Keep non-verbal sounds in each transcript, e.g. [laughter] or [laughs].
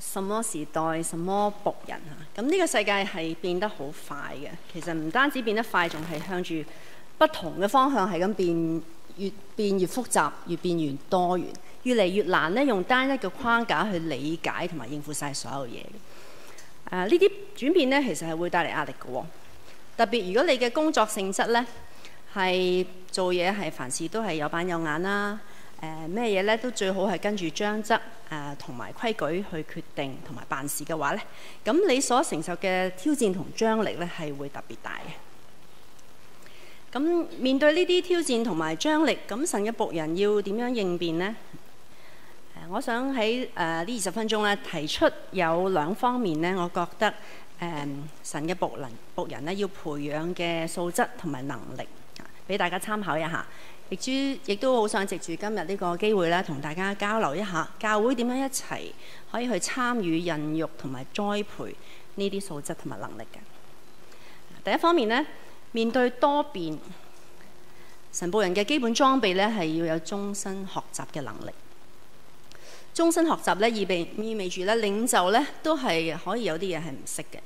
什麼時代，什麼僕人啊？咁呢個世界係變得好快嘅。其實唔單止變得快，仲係向住不同嘅方向係咁變，越變越複雜，越變越多元，越嚟越難咧用單一嘅框架去理解同埋應付晒所有嘢嘅。呃、這些轉呢啲轉變咧，其實係會帶嚟壓力嘅、哦。特別如果你嘅工作性質咧係做嘢係凡事都係有板有眼啦。誒咩嘢咧，都最好係跟住章則誒同埋規矩去決定同埋辦事嘅話咧，咁你所承受嘅挑戰同張力咧係會特別大嘅。咁面對呢啲挑戰同埋張力，咁神嘅僕人要點樣應變呢？我想喺誒、呃、呢二十分鐘咧提出有兩方面咧，我覺得誒、呃、神嘅僕能僕人咧要培養嘅素質同埋能力，俾大家參考一下。亦亦都好想藉住今日呢個機會咧，同大家交流一下教會點樣一齊可以去參與孕育同埋栽培呢啲素質同埋能力嘅。第一方面咧，面對多變，神僕人嘅基本裝備咧，係要有終身學習嘅能力。終身學習咧，意味意味住咧，領袖咧都係可以有啲嘢係唔識嘅。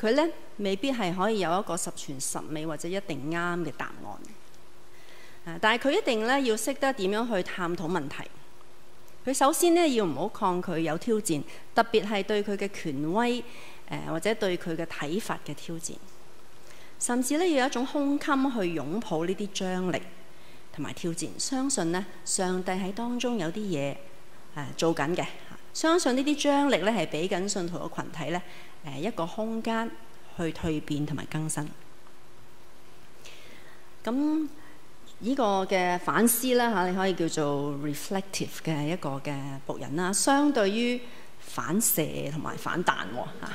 佢咧未必係可以有一個十全十美或者一定啱嘅答案。但係佢一定咧要識得點樣去探討問題。佢首先咧要唔好抗拒有挑戰，特別係對佢嘅權威誒，或者對佢嘅睇法嘅挑戰，甚至咧要有一種胸襟去擁抱呢啲張力同埋挑戰。相信呢，上帝喺當中有啲嘢誒做緊嘅，相信呢啲張力咧係俾緊信徒嘅群體咧誒一個空間去蛻變同埋更新。咁。呢、這個嘅反思啦嚇，你可以叫做 reflective 嘅一個嘅僕人啦，相對於反射同埋反彈喎嚇。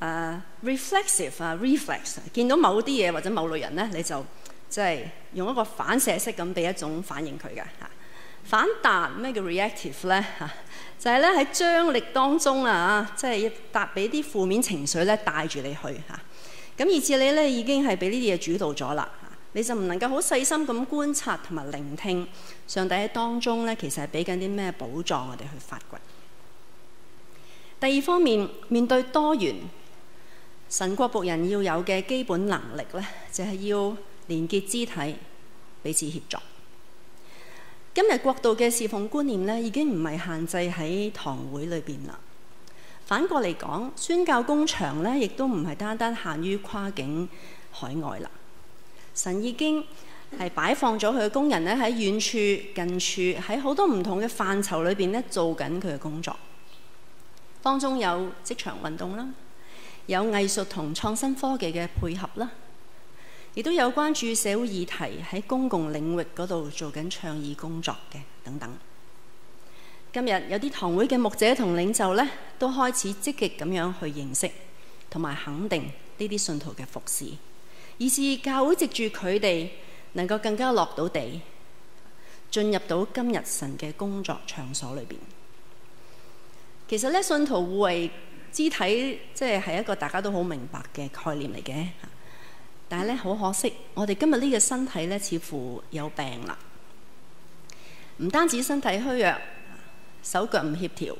誒，reflexive 啊，reflex，見到某啲嘢或者某類人咧，你就即係、就是、用一個反射式咁俾一種反應佢嘅嚇。反彈咩叫 reactive 咧嚇？就係咧喺張力當中啊，即係搭俾啲負面情緒咧帶住你去嚇。咁而至你咧，已經係俾呢啲嘢主導咗啦，你就唔能夠好細心咁觀察同埋聆聽上帝喺當中咧，其實係俾緊啲咩寶藏我哋去發掘。第二方面，面對多元，神國僕人要有嘅基本能力咧，就係要連結肢體，彼此協助。今日國度嘅侍奉觀念咧，已經唔係限制喺堂會裏面啦。反過嚟講，宣教工場咧，亦都唔係單單限於跨境海外啦。神已經係擺放咗佢嘅工人咧喺遠處、近處，喺好多唔同嘅範疇裏邊咧做緊佢嘅工作。當中有職場運動啦，有藝術同創新科技嘅配合啦，亦都有關注社會議題喺公共領域嗰度做緊倡議工作嘅等等。今日有啲堂會嘅牧者同領袖咧，都開始積極咁樣去認識同埋肯定呢啲信徒嘅服侍，以是教會藉住佢哋能夠更加落到地，進入到今日神嘅工作場所裏邊。其實咧，信徒互為肢體，即係係一個大家都好明白嘅概念嚟嘅。但係咧，好可惜，我哋今日呢個身體咧，似乎有病啦，唔單止身體虛弱，手腳唔協調，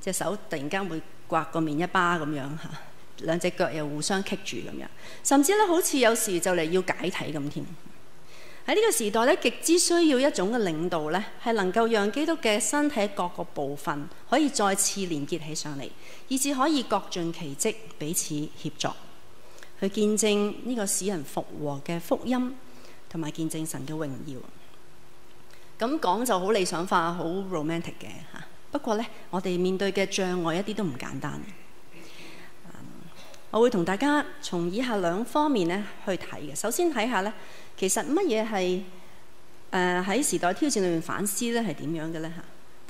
隻手突然間會刮個面一巴咁樣吓，兩隻腳又互相棘住咁樣，甚至咧好似有時就嚟要解體咁添。喺呢個時代咧，極之需要一種嘅領導咧，係能夠讓基督嘅身體各個部分可以再次連結起上嚟，以至可以各盡其職，彼此協助，去見證呢個使人復和嘅福音，同埋見證神嘅榮耀。咁講就好理想化、好 romantic 嘅嚇。不過呢，我哋面對嘅障礙一啲都唔簡單。嗯，我會同大家從以下兩方面呢，去睇嘅。首先睇下呢，其實乜嘢係喺時代挑戰裏面反思呢係點樣嘅呢？嚇。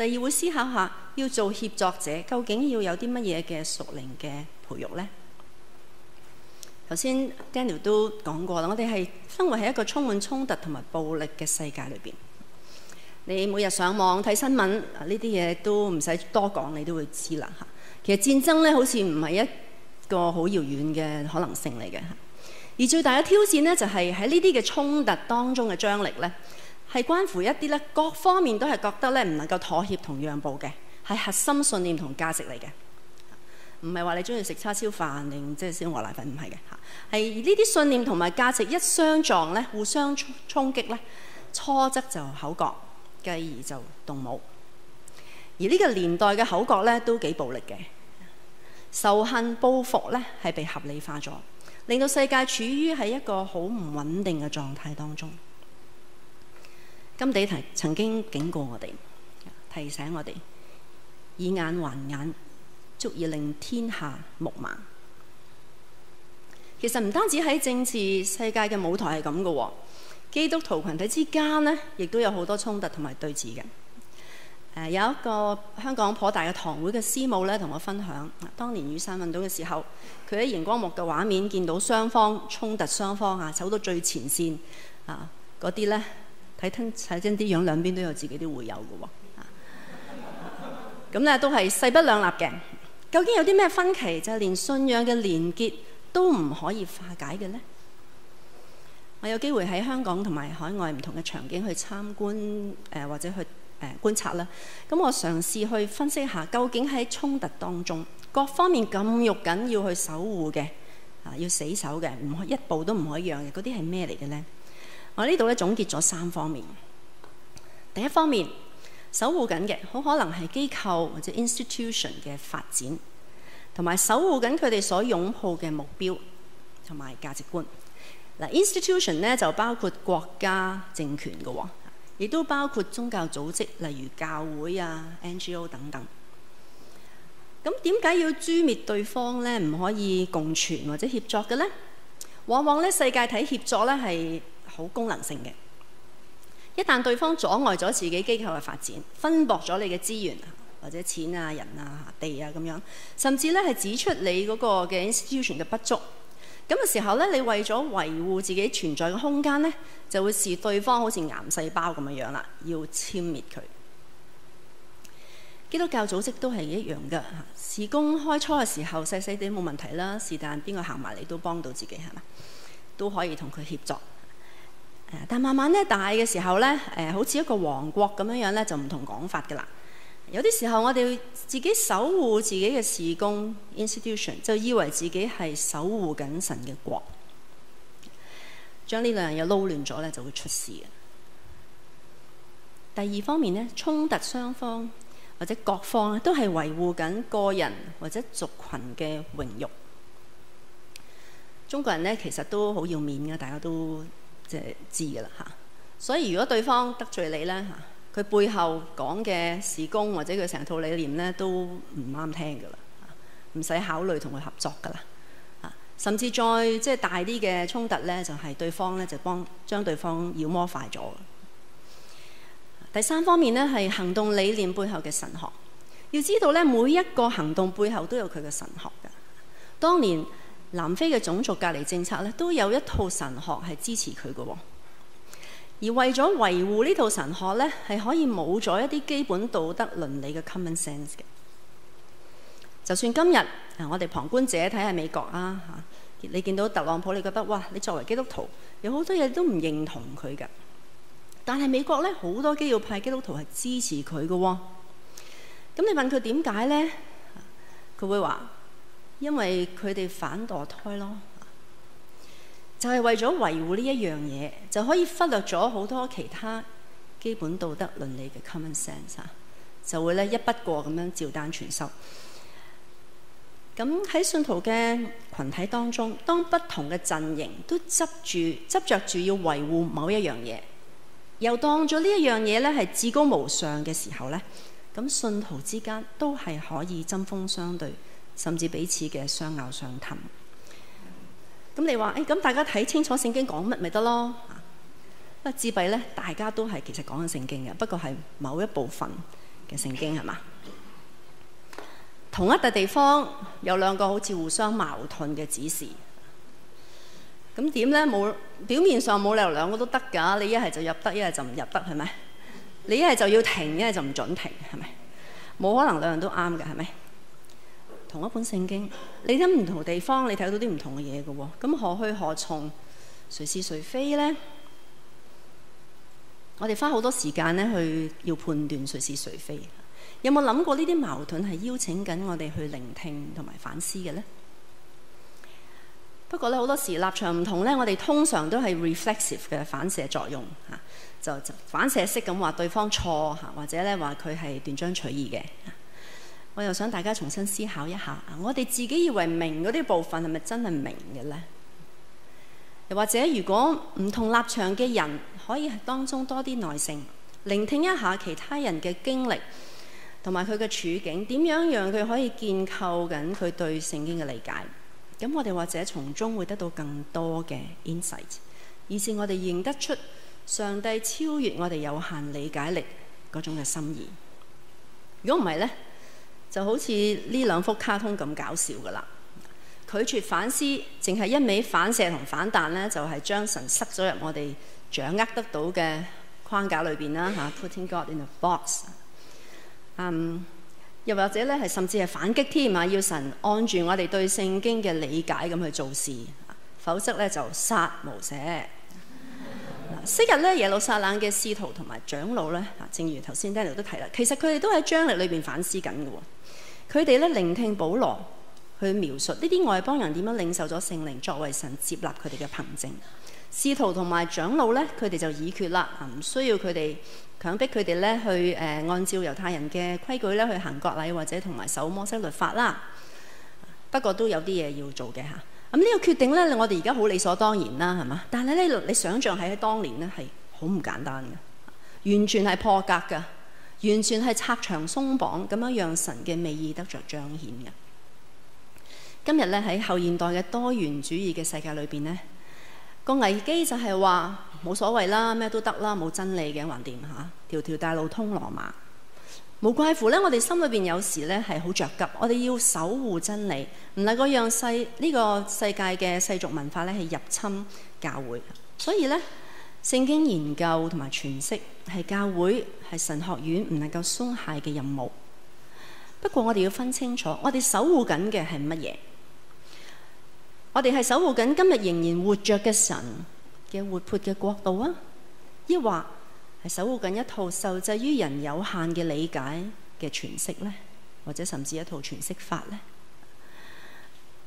第二會思考下要做協作者，究竟要有啲乜嘢嘅屬靈嘅培育呢？頭先 Daniel 都講過啦，我哋係生活喺一個充滿衝突同埋暴力嘅世界裏邊。你每日上網睇新聞，呢啲嘢都唔使多講，你都會知啦嚇。其實戰爭咧，好似唔係一個好遙遠嘅可能性嚟嘅。而最大嘅挑戰咧，就係喺呢啲嘅衝突當中嘅張力咧，係關乎一啲咧各方面都係覺得咧唔能夠妥協同讓步嘅，係核心信念同價值嚟嘅，唔係話你中意食叉燒飯定即係燒鵝瀨粉唔係嘅嚇。係呢啲信念同埋價值一相撞咧，互相衝衝擊咧，初則就口角。繼而就動武，而呢個年代嘅口角咧都幾暴力嘅，仇恨報復咧係被合理化咗，令到世界處於喺一個好唔穩定嘅狀態當中。金地提甘地提曾經警告我哋，提醒我哋以眼還眼，足以令天下目盲。其實唔單止喺政治世界嘅舞台係咁嘅喎。基督徒群體之間呢，亦都有好多衝突同埋對峙嘅。誒有一個香港頗大嘅堂會嘅師母咧，同我分享，當年雨傘運動嘅時候，佢喺熒光幕嘅畫面見到雙方衝突雙方，雙方啊走到最前線啊，嗰啲呢，睇睇真啲樣，兩邊都有自己啲會友嘅、啊、都會有嘅喎。咁咧都係勢不兩立嘅。究竟有啲咩分歧，就係、是、連信仰嘅連結都唔可以化解嘅呢？我有機會喺香港同埋海外唔同嘅場景去參觀，誒、呃、或者去誒、呃、觀察啦。咁我嘗試去分析一下，究竟喺衝突當中，各方面咁肉緊要去守護嘅，啊要死守嘅，唔可以，一步都唔可以讓嘅，嗰啲係咩嚟嘅呢？我呢度咧總結咗三方面。第一方面，守護緊嘅，好可能係機構或者 institution 嘅發展，同埋守護緊佢哋所擁抱嘅目標同埋價值觀。嗱，institution 咧就包括國家政權嘅、哦，亦都包括宗教組織，例如教會啊、NGO 等等。咁點解要誅滅對方咧？唔可以共存或者協作嘅咧？往往咧世界睇協作咧係好功能性嘅。一旦對方阻礙咗自己機構嘅發展，分薄咗你嘅資源或者錢啊、人啊、地啊咁樣，甚至咧係指出你嗰個嘅 institution 嘅不足。咁嘅時候咧，你為咗維護自己存在嘅空間咧，就會視對方好似癌細胞咁樣樣啦，要殲滅佢。基督教組織都係一樣㗎。嚇，事工開初嘅時候細細哋冇問題啦，是但邊個行埋你都幫到自己係嘛，都可以同佢協作。誒，但慢慢咧大嘅時候咧，誒好似一個王國咁樣樣咧，就唔同講法噶啦。有啲時候，我哋自己守護自己嘅事工 institution，就以為自己係守護緊神嘅國，將呢兩樣嘢撈亂咗咧，就會出事嘅。第二方面呢，衝突雙方或者各方都係維護緊個人或者族群嘅榮譽。中國人呢，其實都好要面嘅，大家都即係知嘅啦嚇。所以如果對方得罪你呢嚇，佢背後講嘅事工，或者佢成套理念咧都唔啱聽噶啦，唔使考慮同佢合作噶啦，啊，甚至再即係大啲嘅衝突咧，就係對方咧就幫將對方妖魔化咗。第三方面咧係行動理念背後嘅神學，要知道咧每一個行動背後都有佢嘅神學㗎。當年南非嘅種族隔離政策咧都有一套神學係支持佢嘅喎。而為咗維護呢套神學咧，係可以冇咗一啲基本道德倫理嘅 common sense 嘅。就算今日，我哋旁觀者睇下美國啊吓，你見到特朗普，你覺得哇，你作為基督徒，有好多嘢都唔認同佢㗎。但係美國咧好多基要派基督徒係支持佢嘅喎。咁你問佢點解咧？佢會話：因為佢哋反墮胎咯。就係為咗維護呢一樣嘢，就可以忽略咗好多其他基本道德倫理嘅 common sense，就會咧一筆過咁樣照單全收。咁喺信徒嘅群體當中，當不同嘅陣營都執住執着住要維護某一樣嘢，又當咗呢一樣嘢咧係至高無上嘅時候咧，咁信徒之間都係可以針鋒相對，甚至彼此嘅相咬相吞。咁你話誒，咁大家睇清楚聖經講乜咪得咯？不自閉咧，大家都係其實講緊聖經嘅，不過係某一部分嘅聖經係咪？同一笪地方有兩個好似互相矛盾嘅指示，咁點咧？冇，表面上冇理由兩個都得㗎，你一係就入得，一係就唔入得係咪？你一係就要停，一係就唔准停係咪？冇可能兩樣都啱嘅係咪？同一本聖經，你喺唔同地方你看不同，你睇到啲唔同嘅嘢嘅喎，咁何去何從，誰是誰非呢？我哋花好多時間咧，去要判斷誰是誰非，有冇諗過呢啲矛盾係邀請緊我哋去聆聽同埋反思嘅呢？不過咧，好多時立場唔同咧，我哋通常都係 reflexive 嘅反射作用嚇，就反射式咁話對方錯嚇，或者咧話佢係斷章取義嘅。我又想大家重新思考一下，我哋自己以為明嗰啲部分係咪真係明嘅呢？又或者，如果唔同立場嘅人可以喺當中多啲耐性，聆聽一下其他人嘅經歷同埋佢嘅處境，點樣讓佢可以建構緊佢對聖經嘅理解？噉我哋或者從中會得到更多嘅 insight，以至我哋認得出上帝超越我哋有限理解力嗰種嘅心意。如果唔係呢？就好似呢兩幅卡通咁搞笑㗎啦！拒絕反思，淨係一味反射同反彈呢就係、是、將神塞咗入我哋掌握得到嘅框架裏面啦吓 [laughs] Putting God in a box。Um, 又或者呢係甚至係反擊添啊！要神按住我哋對聖經嘅理解咁去做事，否則呢就殺無赦。 [laughs] 昔日呢，耶路撒冷嘅使徒同埋長老呢，正如頭先 Daniel 都提啦，其實佢哋都喺張力裏面反思緊㗎喎。佢哋咧，聆聽保羅去描述呢啲外邦人點樣領受咗聖靈作為神接納佢哋嘅憑證，使徒同埋長老咧，佢哋就議決啦，唔需要佢哋強迫佢哋咧去誒、呃、按照猶太人嘅規矩咧去行割禮或者同埋守摩西律法啦。不過都有啲嘢要做嘅嚇。咁呢個決定咧，我哋而家好理所當然啦，係嘛？但係咧，你想象喺當年咧係好唔簡單嘅，完全係破格嘅。完全係拆牆鬆綁咁樣，讓神嘅美意得着彰顯嘅。今日咧喺後現代嘅多元主義嘅世界裏邊呢、呢個危機就係話冇所謂啦，咩都得啦，冇真理嘅橫掂嚇，條條、啊、大路通羅馬。無怪乎咧，我哋心裏邊有時咧係好着急，我哋要守護真理，唔能夠讓世呢、呢個世界嘅世俗文化咧係入侵教會，所以咧。聖經研究同埋詮釋係教會、係神學院唔能夠鬆懈嘅任務。不過我哋要分清楚，我哋守護緊嘅係乜嘢？我哋係守護緊今日仍然活着嘅神嘅活潑嘅國度啊，抑或係守護緊一套受制於人有限嘅理解嘅詮釋呢？或者甚至一套詮釋法呢？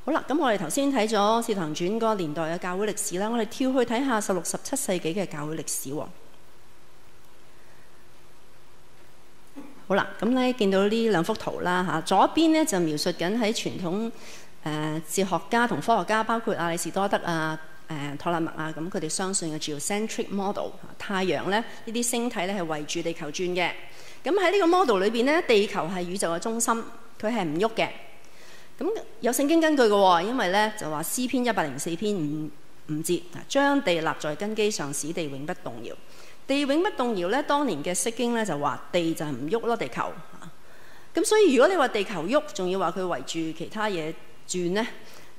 好啦，咁我哋頭先睇咗《四堂傳》嗰個年代嘅教會歷史啦，我哋跳去睇下十六、十七世紀嘅教會歷史喎。好啦，咁咧見到呢兩幅圖啦，左邊就描述緊喺傳統、呃、哲學家同科學家，包括阿里士多德啊、誒、呃、托勒密啊，他佢哋相信嘅 geocentric model，太陽呢，呢啲星體呢係圍住地球轉嘅。咁喺呢個 model 裏面呢，地球係宇宙嘅中心，佢係唔喐嘅。咁有聖經根據嘅，因為咧就話詩篇一百零四篇五五節，將地立在根基上，使地永不動搖。地永不動搖咧，當年嘅釋經咧就話地就係唔喐咯，地球。咁所以如果你話地球喐，仲要話佢圍住其他嘢轉咧，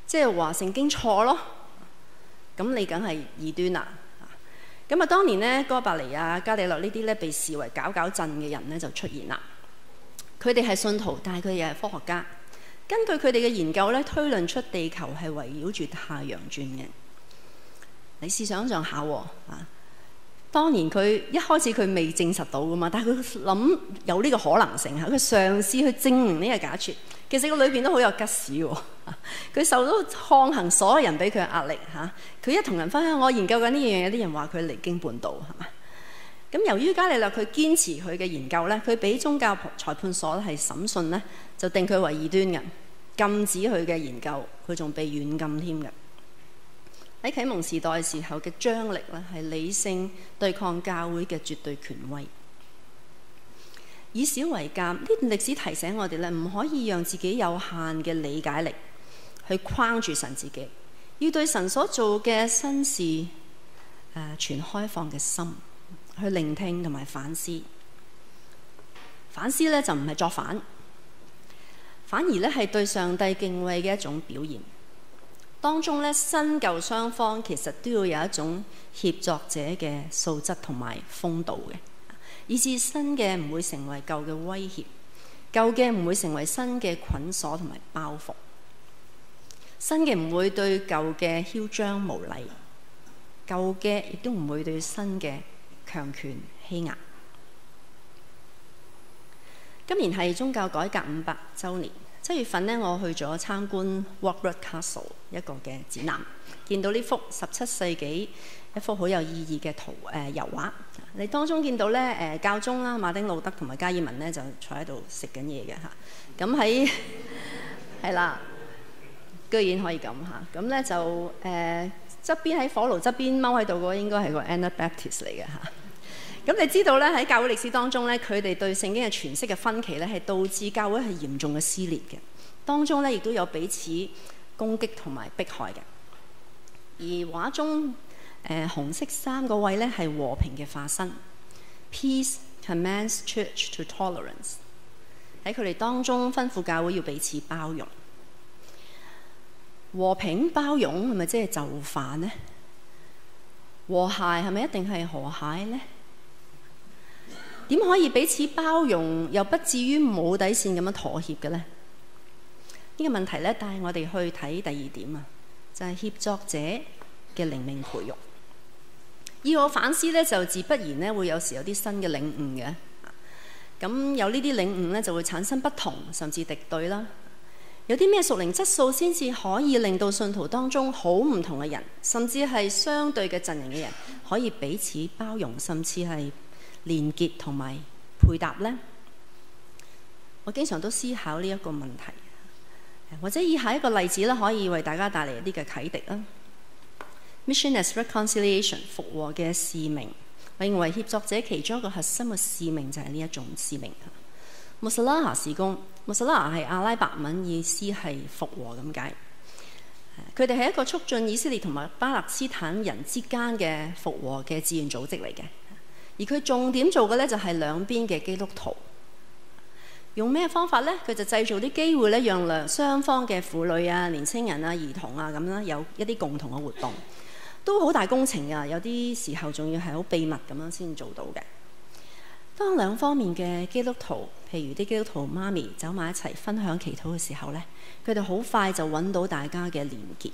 即係話聖經錯咯。咁你梗係異端啦。咁啊，當年咧哥白尼啊、伽利略呢啲咧被視為搞搞震嘅人咧就出現啦。佢哋係信徒，但係佢哋又係科學家。根據佢哋嘅研究咧，推論出地球係圍繞住太陽轉嘅。你試想像下喎，啊，當年佢一開始佢未證實到噶嘛，但係佢諗有呢個可能性啊，佢嘗試去證明呢個假設。其實個裏邊都好有吉士喎，佢受到抗衡，所有人俾佢嘅壓力嚇。佢一同人分享，我研究緊呢樣嘢，啲人話佢離經叛道。咁由於伽利略，佢堅持佢嘅研究咧，佢俾宗教裁判所係審訊咧，就定佢為異端嘅，禁止佢嘅研究，佢仲被軟禁添嘅。喺啟蒙時代的時候嘅張力咧，係理性對抗教會嘅絕對權威，以小為鑑，呢段歷史提醒我哋咧，唔可以讓自己有限嘅理解力去框住神自己，要對神所做嘅新事誒、呃、全開放嘅心。去聆聽同埋反思，反思咧就唔係作反，反而咧係對上帝敬畏嘅一種表現。當中咧新舊雙方其實都要有一種協作者嘅素質同埋風度嘅，以致新嘅唔會成為舊嘅威脅，舊嘅唔會成為新嘅捆鎖同埋包袱，新嘅唔會對舊嘅囂張無禮，舊嘅亦都唔會對新嘅強權欺壓。今年係宗教改革五百週年。七月份呢，我去咗參觀 Wartburg Castle 一個嘅展覽，見到呢幅十七世紀一幅好有意義嘅圖誒油畫。你當中見到咧、呃、教宗啦、馬丁路德同埋加爾文咧，就坐喺度食緊嘢嘅嚇。咁喺係啦，居然可以咁嚇。咁咧就、呃側邊喺火爐側邊踎喺度嘅話，應該係個 Anabaptist 嚟嘅嚇。咁 [laughs] 你知道咧，喺教會歷史當中咧，佢哋對聖經嘅詮釋嘅分歧咧，係導致教會係嚴重嘅撕裂嘅。當中咧，亦都有彼此攻擊同埋迫害嘅。而畫中誒、呃、紅色衫嗰位咧，係和平嘅化身。Peace commands Church to tolerance。喺佢哋當中吩咐教會要彼此包容。和平包容係咪即係就範呢？和諧係咪一定係和諧呢？點可以彼此包容又不至於冇底線咁樣妥協嘅呢？呢、這個問題咧，帶我哋去睇第二點啊，就係、是、協作者嘅靈命培育。以我反思咧，就自不然咧會有時有啲新嘅領悟嘅。咁有呢啲領悟咧，就會產生不同甚至敵對啦。有啲咩屬靈質素先至可以令到信徒當中好唔同嘅人，甚至係相對嘅陣營嘅人，可以彼此包容，甚至係連結同埋配搭呢？我經常都思考呢一個問題，或者以下一個例子咧，可以為大家帶嚟一啲嘅啟迪啦。Mission as reconciliation，復和嘅使命，我認為協作者其中一個核心嘅使命就係呢一種使命。穆薩拉哈事工，穆薩拉哈係阿拉伯文，意思係復和咁解。佢哋係一個促進以色列同埋巴勒斯坦人之間嘅復和嘅志願組織嚟嘅。而佢重點做嘅咧就係兩邊嘅基督徒，用咩方法咧？佢就製造啲機會咧，讓兩雙方嘅婦女啊、年青人啊、兒童啊咁啦，有一啲共同嘅活動，都好大工程啊！有啲時候仲要係好秘密咁樣先做到嘅。當兩方面嘅基督徒，譬如啲基督徒媽咪走埋一齊分享祈禱嘅時候咧，佢哋好快就揾到大家嘅連結。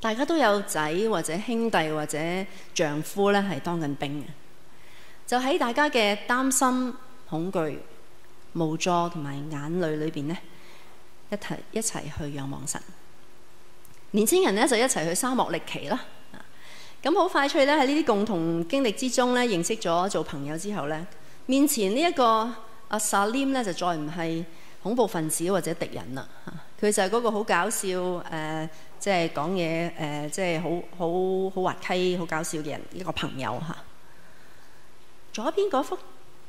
大家都有仔或者兄弟或者丈夫咧，係當緊兵嘅。就喺大家嘅擔心、恐懼、無助同埋眼淚裏邊咧，一齊一齊去仰望神。年輕人咧就一齊去沙漠歷奇啦。咁好快脆咧，喺呢啲共同經歷之中咧，認識咗做朋友之後咧，面前這呢一個阿 Salim 咧，就再唔係恐怖分子或者敵人啦。佢就係嗰個好搞笑誒，即係講嘢誒，即係好好好滑稽、好搞笑嘅人一個朋友嚇、啊。左邊嗰幅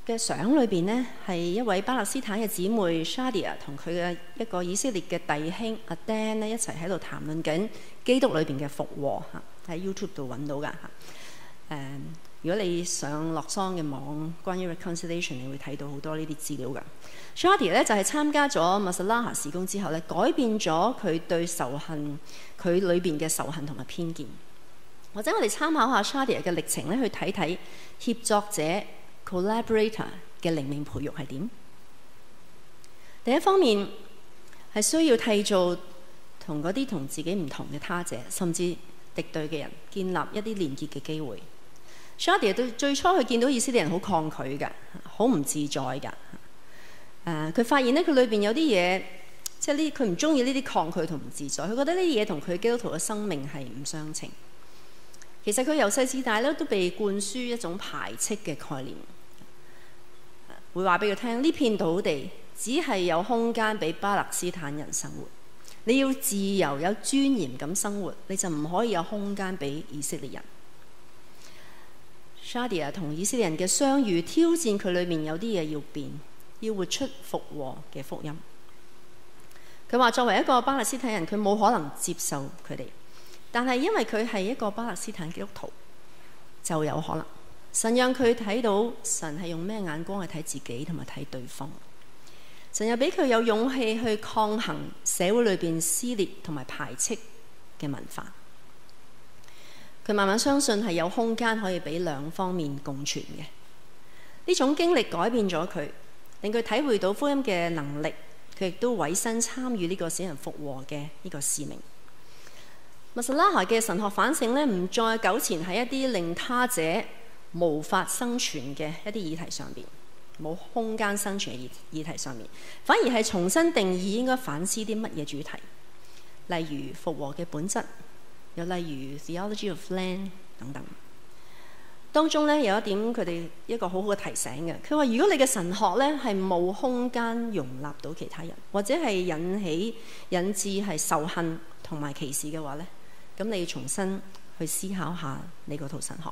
嘅相裏邊呢，係一位巴勒斯坦嘅姊妹 Shadia 同佢嘅一個以色列嘅弟兄阿 Dan 咧一齊喺度談論緊。基督裏邊嘅復和，嚇，喺 YouTube 度揾到噶嚇。誒，如果你想上洛桑嘅網，關於 reconciliation，你會睇到好多資的、Shadia、呢啲資料噶。Shadi 咧就係、是、參加咗 Masala 事工之後咧，改變咗佢對仇恨、佢裏邊嘅仇恨同埋偏見。或者我哋參考下 Shadi 嘅歷程咧，去睇睇協作者 collaborator 嘅靈命培育係點。第一方面係需要替做。同嗰啲同自己唔同嘅他者，甚至敵對嘅人，建立一啲連結嘅機會。Shadi 對最初佢見到以色列人好抗拒嘅，好唔自在嘅。誒，佢發現咧，佢裏邊有啲嘢，即係呢，佢唔中意呢啲抗拒同唔自在。佢覺得呢啲嘢同佢基督徒嘅生命係唔相稱。其實佢由細至大咧，都被灌輸一種排斥嘅概念，會話俾佢聽：呢片土地只係有空間俾巴勒斯坦人生活。你要自由有尊嚴咁生活，你就唔可以有空間俾以色列人。Shadia 同以色列人嘅相遇，挑戰佢裏面有啲嘢要變，要活出復和嘅福音。佢話作為一個巴勒斯坦人，佢冇可能接受佢哋，但係因為佢係一個巴勒斯坦基督徒，就有可能。神讓佢睇到，神係用咩眼光去睇自己同埋睇對方。神又俾佢有勇氣去抗衡社會裏面撕裂同埋排斥嘅文化。佢慢慢相信係有空間可以俾兩方面共存嘅。呢種經歷改變咗佢，令佢體會到福音嘅能力。佢亦都委身參與呢個使人復和嘅呢個使命。密斯拉孩嘅神學反省咧，唔再糾纏喺一啲令他者無法生存嘅一啲議題上面。冇空間生存嘅議議題上面，反而係重新定義應該反思啲乜嘢主題，例如復和嘅本質，又例如 theology of land 等等。當中呢有一點佢哋一個好好嘅提醒嘅，佢話：如果你嘅神學呢係冇空間容納到其他人，或者係引起引致係仇恨同埋歧視嘅話呢，咁你要重新去思考一下你嗰套神學。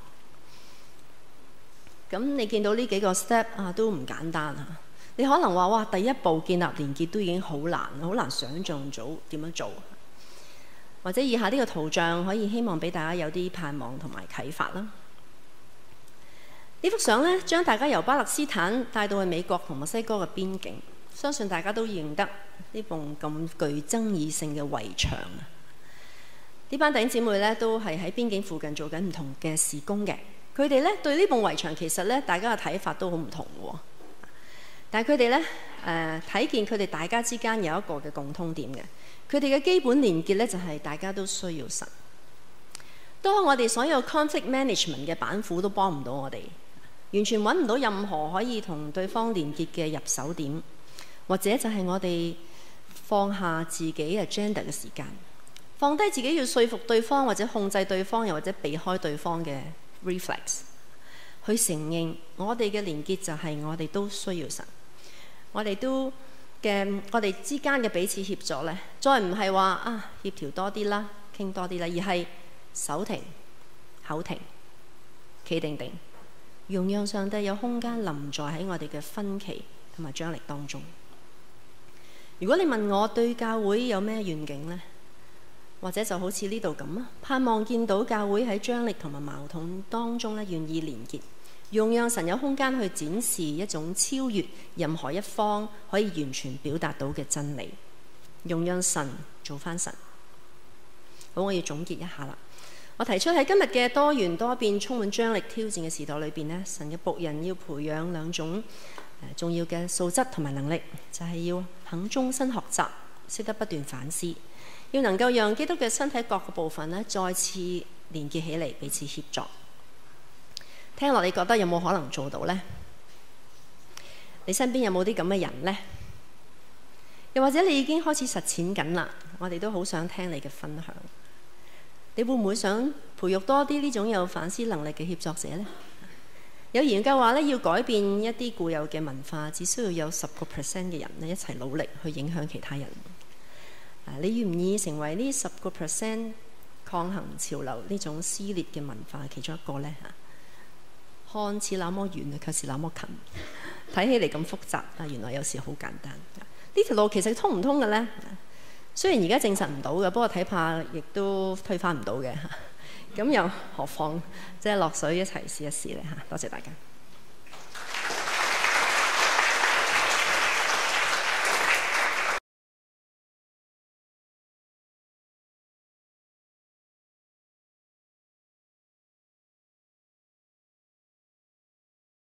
咁你見到呢幾個 step 啊，都唔簡單啊！你可能話哇，第一步建立連結都已經好難，好難想像到點樣做。或者以下呢個圖像可以希望俾大家有啲盼望同埋啟發啦。這呢幅相咧，將大家由巴勒斯坦帶到去美國同墨西哥嘅邊境，相信大家都認得這這巨這呢棟咁具爭議性嘅圍牆啊！呢班弟兄姊妹咧，都係喺邊境附近做緊唔同嘅事工嘅。佢哋咧對呢棟圍牆，其實咧大家嘅睇法都好唔同喎。但係佢哋咧誒睇見佢哋大家之間有一個嘅共通點嘅，佢哋嘅基本連結咧就係大家都需要神。當我哋所有 conflict management 嘅板斧都幫唔到我哋，完全揾唔到任何可以同對方連結嘅入手點，或者就係我哋放下自己 agenda 嘅時間，放低自己要說服對方，或者控制對方，又或者避開對方嘅。reflex，去承認我哋嘅連結就係我哋都需要神，我哋都嘅我哋之間嘅彼此協助咧，再唔係話啊協調多啲啦，傾多啲啦，而係手停口停，企定定，容讓上帝有空間臨在喺我哋嘅分歧同埋張力當中。如果你問我對教會有咩願景咧？或者就好似呢度咁啊！盼望見到教會喺張力同埋矛盾當中咧，願意連結，用讓神有空間去展示一種超越任何一方可以完全表達到嘅真理，用讓神做翻神。好，我要總結一下啦。我提出喺今日嘅多元多變、充滿張力挑戰嘅時代裏邊咧，神嘅僕人要培養兩種重要嘅素質同埋能力，就係要肯終身學習，識得不斷反思。要能夠讓基督嘅身體各個部分咧，再次連結起嚟，彼此協作。聽落，你覺得有冇可能做到呢？你身邊有冇啲咁嘅人呢？又或者你已經開始實踐緊啦，我哋都好想聽你嘅分享。你會唔會想培育多啲呢種有反思能力嘅協作者呢？有研究話咧，要改變一啲固有嘅文化，只需要有十個 percent 嘅人咧，一齊努力去影響其他人。啊！你願唔願意成為呢十個 percent，抗衡潮流呢種撕裂嘅文化其中一個呢？嚇，看似那麼遠，卻是那麼近。睇起嚟咁複雜，但原來有時好簡單。呢條路其實通唔通嘅呢？雖然而家證實唔到嘅，不過睇怕亦都推翻唔到嘅嚇。咁又何況即係落水一齊試一試呢？嚇？多謝大家。